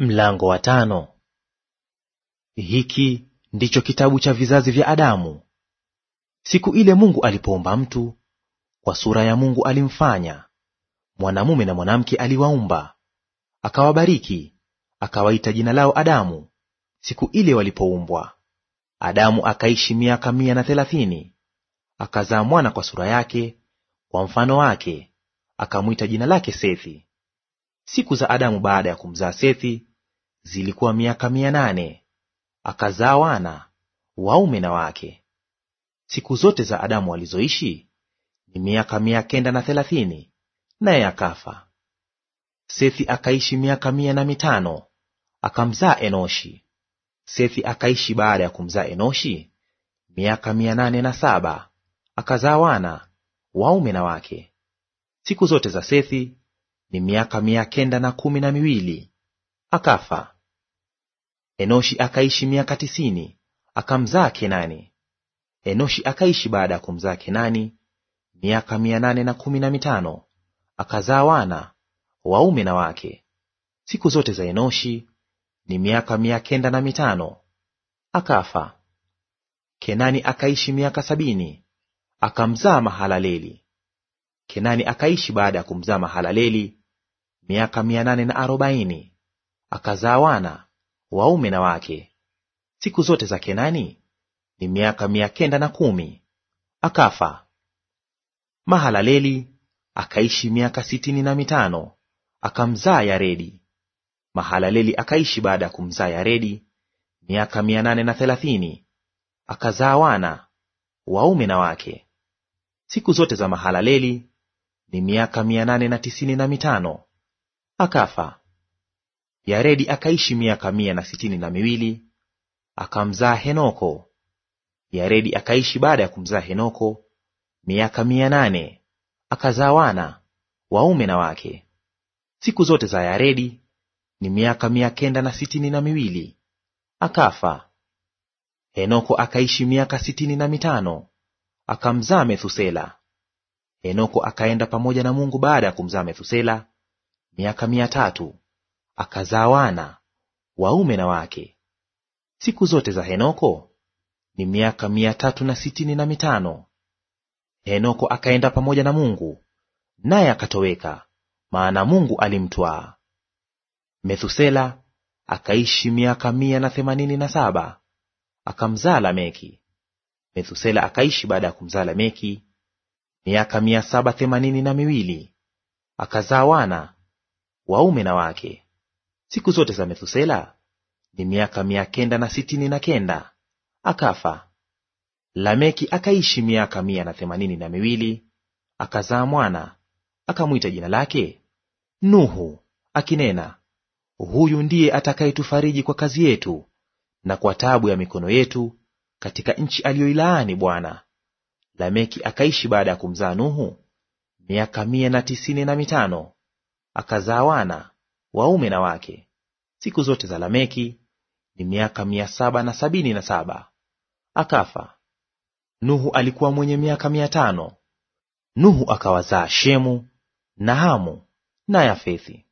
Mlango wa tano. Hiki ndicho kitabu cha vizazi vya Adamu. Siku ile Mungu alipoumba mtu, kwa sura ya Mungu alimfanya, mwanamume na mwanamke aliwaumba. Akawabariki, akawaita jina lao Adamu, siku ile walipoumbwa. Adamu akaishi miaka mia na thelathini, akazaa mwana kwa sura yake, kwa mfano wake, akamwita jina lake Sethi. Siku za Adamu baada ya kumzaa Sethi zilikuwa miaka mia nane akazaa wana waume na wake. Siku zote za Adamu alizoishi ni miaka mia kenda na thelathini, naye akafa. Sethi akaishi miaka mia na mitano akamzaa Enoshi. Sethi akaishi baada ya kumzaa Enoshi miaka mia nane na saba akazaa wana waume na wake. Siku zote za Sethi ni miaka mia kenda na kumi na miwili akafa. Enoshi akaishi miaka tisini akamzaa Kenani. Enoshi akaishi baada ya kumzaa Kenani miaka mia nane na kumi na mitano akazaa wana waume na wake. Siku zote za Enoshi ni miaka mia kenda na mitano akafa. Kenani akaishi miaka sabini akamzaa Mahalaleli. Kenani akaishi baada ya kumzaa Mahalaleli miaka mia nane na arobaini akazaa wana waume na wake. Siku zote za Kenani ni miaka mia kenda na kumi akafa. Mahalaleli akaishi miaka sitini na mitano akamzaa Yaredi. Mahalaleli akaishi baada ya kumzaa Yaredi miaka mia nane na thelathini akazaa wana waume na wake. Siku zote za Mahalaleli ni miaka mia nane na tisini na mitano akafa. Yaredi akaishi miaka mia na sitini na miwili akamzaa Henoko. Yaredi akaishi baada ya kumzaa Henoko miaka mia nane akazaa wana waume na wake. Siku zote za Yaredi ni miaka mia kenda na sitini na miwili akafa. Henoko akaishi miaka sitini na mitano akamzaa Methusela. Henoko akaenda pamoja na Mungu baada ya kumzaa Methusela miaka mia tatu akazaa wana waume na wake. Siku zote za Henoko ni miaka mia tatu na sitini na mitano. Henoko akaenda pamoja na Mungu, naye akatoweka, maana Mungu alimtwaa. Methusela akaishi miaka mia na themanini na saba akamzaa Lameki. Methusela akaishi baada ya kumzaa Lameki miaka mia saba themanini na miwili akazaa wana waume na wake. Siku zote za Methusela ni miaka mia kenda na sitini na kenda akafa. Lameki akaishi miaka mia na themanini na miwili akazaa mwana, akamwita jina lake Nuhu, akinena, huyu ndiye atakayetufariji kwa kazi yetu na kwa taabu ya mikono yetu katika nchi aliyoilaani Bwana. Lameki akaishi baada ya kumzaa Nuhu miaka mia na tisini na mitano akazaa wana waume na wake. Siku zote za Lameki ni miaka mia saba na sabini na saba akafa. Nuhu alikuwa mwenye miaka mia tano. Nuhu akawazaa Shemu na Hamu na Yafethi.